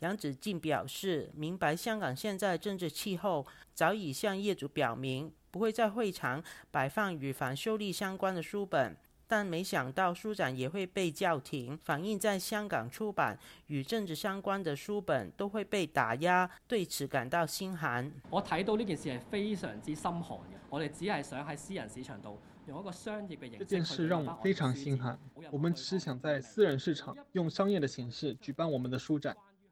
楊子靖表示：“明白香港現在政治氣候，早已向業主表明不會在會場擺放與反修例相關的書本，但沒想到書展也會被叫停，反映在香港出版與政治相關的書本都會被打壓，對此感到心寒。”我睇到呢件事係非常之心寒嘅，我哋只係想喺私人市場度用一個商業嘅形式，這件事讓我非常心寒。我們只是想在私人市場用商業的形式舉辦我們的書展。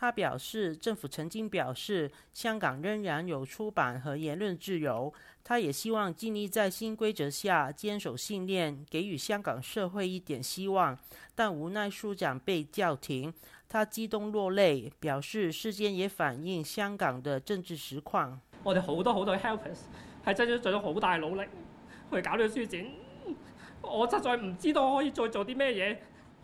他表示，政府曾經表示，香港仍然有出版和言論自由。他也希望盡力在新規則下堅守信念，給予香港社會一點希望。但無奈書展被叫停，他激動落淚，表示事件也反映香港的政治實況。我哋好多好多 helpers 係真係做咗好大努力去搞到個書展，我實在唔知道可以再做啲咩嘢。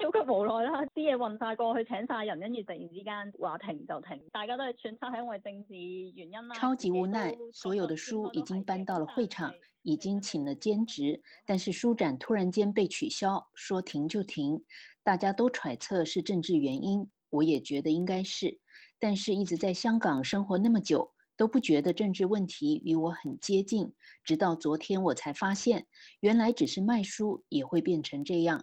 超級無奈啦！啲嘢運晒過去請晒人，跟住突然之間話停就停，大家都係揣測係因為政治原因啦。超級無奈，所有的書已經搬到了會場，已經請了兼職，但是書展突然間被取消，說停就停，大家都揣測是政治原因。我也覺得應該是，但是一直在香港生活那麼久，都不覺得政治問題與我很接近，直到昨天我才發現，原來只是賣書也會變成這樣。